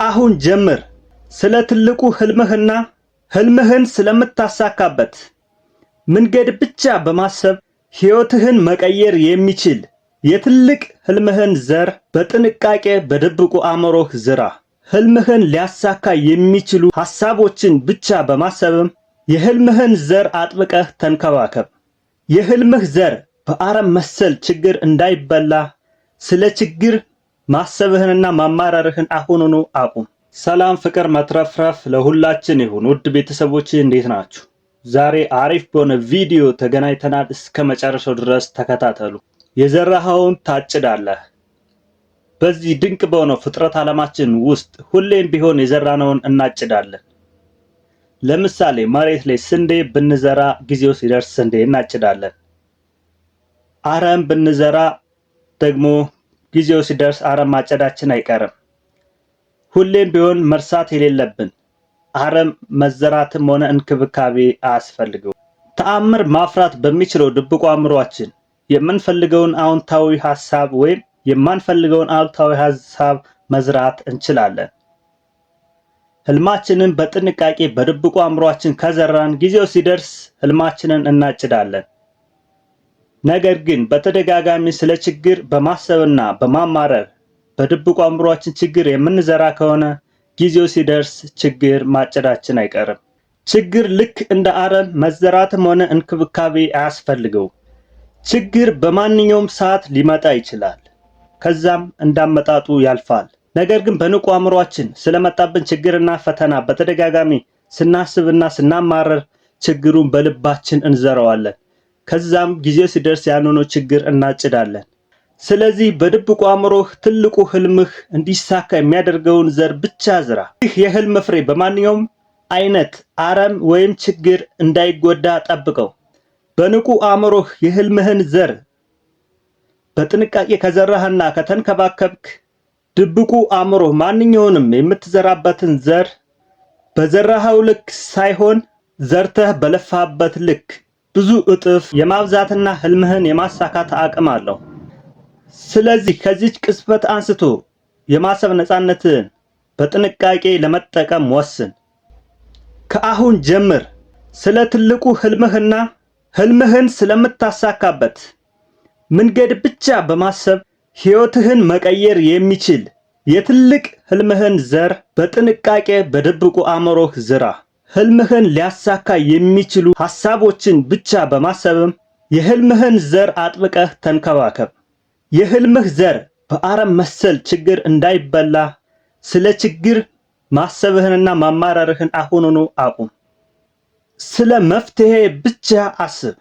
ከአሁን ጀምር ስለ ትልቁ ህልምህና ህልምህን ስለምታሳካበት መንገድ ብቻ በማሰብ ህይወትህን መቀየር የሚችል የትልቅ ህልምህን ዘር በጥንቃቄ በድብቁ አእምሮህ ዝራ። ህልምህን ሊያሳካ የሚችሉ ሐሳቦችን ብቻ በማሰብም የህልምህን ዘር አጥብቀህ ተንከባከብ። የህልምህ ዘር በአረም መሰል ችግር እንዳይበላ ስለ ችግር ማሰብህንና ማማረርህን አሁኑኑ አቁም። ሰላም፣ ፍቅር፣ መትረፍረፍ ለሁላችን ይሁን። ውድ ቤተሰቦች እንዴት ናችሁ? ዛሬ አሪፍ በሆነ ቪዲዮ ተገናኝተናል። እስከ መጨረሻው ድረስ ተከታተሉ። የዘራኸውን ታጭዳለህ። በዚህ ድንቅ በሆነው ፍጥረት ዓለማችን ውስጥ ሁሌም ቢሆን የዘራነውን እናጭዳለን። ለምሳሌ መሬት ላይ ስንዴ ብንዘራ ጊዜው ሲደርስ ስንዴ እናጭዳለን። አረም ብንዘራ ደግሞ ጊዜው ሲደርስ አረም ማጨዳችን አይቀርም። ሁሌም ቢሆን መርሳት የሌለብን አረም መዘራትም ሆነ እንክብካቤ አያስፈልገው። ተአምር ማፍራት በሚችለው ድብቁ አእምሯችን የምንፈልገውን አዎንታዊ ሀሳብ ወይም የማንፈልገውን አሉታዊ ሀሳብ መዝራት እንችላለን። ህልማችንን በጥንቃቄ በድብቁ አእምሯችን ከዘራን ጊዜው ሲደርስ ህልማችንን እናጭዳለን። ነገር ግን በተደጋጋሚ ስለ ችግር በማሰብና በማማረር በድብቁ አእምሯችን ችግር የምንዘራ ከሆነ ጊዜው ሲደርስ ችግር ማጨዳችን አይቀርም። ችግር ልክ እንደ አረም መዘራትም ሆነ እንክብካቤ አያስፈልገው። ችግር በማንኛውም ሰዓት ሊመጣ ይችላል። ከዛም እንዳመጣጡ ያልፋል። ነገር ግን በንቁ አእምሯችን ስለመጣብን ችግርና ፈተና በተደጋጋሚ ስናስብና ስናማረር ችግሩን በልባችን እንዘረዋለን። ከዛም ጊዜ ሲደርስ ያንኑ ችግር እናጭዳለን። ስለዚህ በድብቁ አእምሮህ ትልቁ ህልምህ እንዲሳካ የሚያደርገውን ዘር ብቻ ዝራ። ይህ የህልም ፍሬ በማንኛውም አይነት አረም ወይም ችግር እንዳይጎዳ ጠብቀው። በንቁ አእምሮህ የህልምህን ዘር በጥንቃቄ ከዘራህና ከተንከባከብክ ድብቁ አእምሮህ ማንኛውንም የምትዘራበትን ዘር በዘራኸው ልክ ሳይሆን ዘርተህ በለፋበት ልክ ብዙ እጥፍ የማብዛትና ህልምህን የማሳካት አቅም አለው። ስለዚህ ከዚች ቅጽበት አንስቶ የማሰብ ነፃነትን በጥንቃቄ ለመጠቀም ወስን። ከአሁን ጀምር። ስለ ትልቁ ህልምህና ህልምህን ስለምታሳካበት መንገድ ብቻ በማሰብ ህይወትህን መቀየር የሚችል የትልቅ ህልምህን ዘር በጥንቃቄ በድብቁ አእምሮህ ዝራ። ህልምህን ሊያሳካ የሚችሉ ሐሳቦችን ብቻ በማሰብም የህልምህን ዘር አጥብቀህ ተንከባከብ። የህልምህ ዘር በአረም መሰል ችግር እንዳይበላ ስለ ችግር ማሰብህንና ማማረርህን አሁኑኑ አቁም። ስለ መፍትሄ ብቻ አስብ።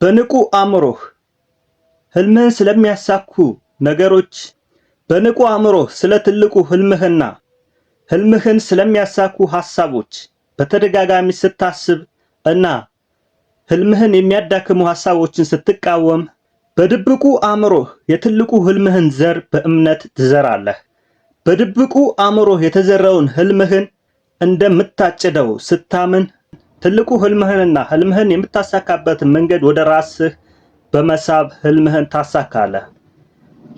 በንቁ አእምሮህ ህልምህን ስለሚያሳኩ ነገሮች በንቁ አእምሮህ ስለ ትልቁ ህልምህና ህልምህን ስለሚያሳኩ ሐሳቦች በተደጋጋሚ ስታስብ እና ህልምህን የሚያዳክሙ ሐሳቦችን ስትቃወም በድብቁ አእምሮህ የትልቁ ህልምህን ዘር በእምነት ትዘራለህ። በድብቁ አእምሮህ የተዘራውን ህልምህን እንደምታጭደው ስታምን ትልቁ ህልምህንና ህልምህን የምታሳካበትን መንገድ ወደ ራስህ በመሳብ ህልምህን ታሳካለህ።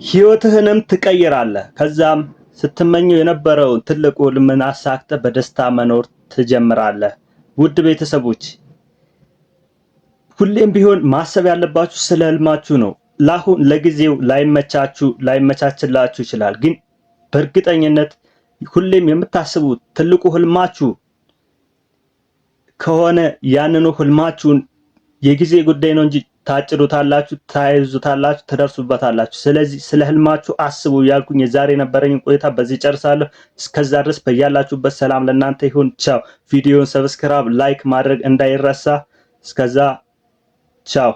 ህይወትህንም ትቀይራለህ። ከዛም ስትመኘው የነበረውን ትልቁ ልምን አሳክተህ በደስታ መኖር ትጀምራለህ። ውድ ቤተሰቦች ሁሌም ቢሆን ማሰብ ያለባችሁ ስለ ህልማችሁ ነው። ለአሁን ለጊዜው ላይመቻችሁ ላይመቻችላችሁ ይችላል፣ ግን በእርግጠኝነት ሁሌም የምታስቡት ትልቁ ህልማችሁ ከሆነ ያንኑ ህልማችሁን የጊዜ ጉዳይ ነው እንጂ ታጭዱታላችሁ፣ ታይዙታላችሁ፣ ትደርሱበታላችሁ። ስለዚህ ስለ ህልማችሁ አስቡ ያልኩኝ የዛሬ የነበረኝ ቆይታ በዚህ ጨርሳለሁ። እስከዛ ድረስ በያላችሁበት ሰላም ለእናንተ ይሁን። ቻው። ቪዲዮን ሰብስክራብ፣ ላይክ ማድረግ እንዳይረሳ። እስከዛ ቻው።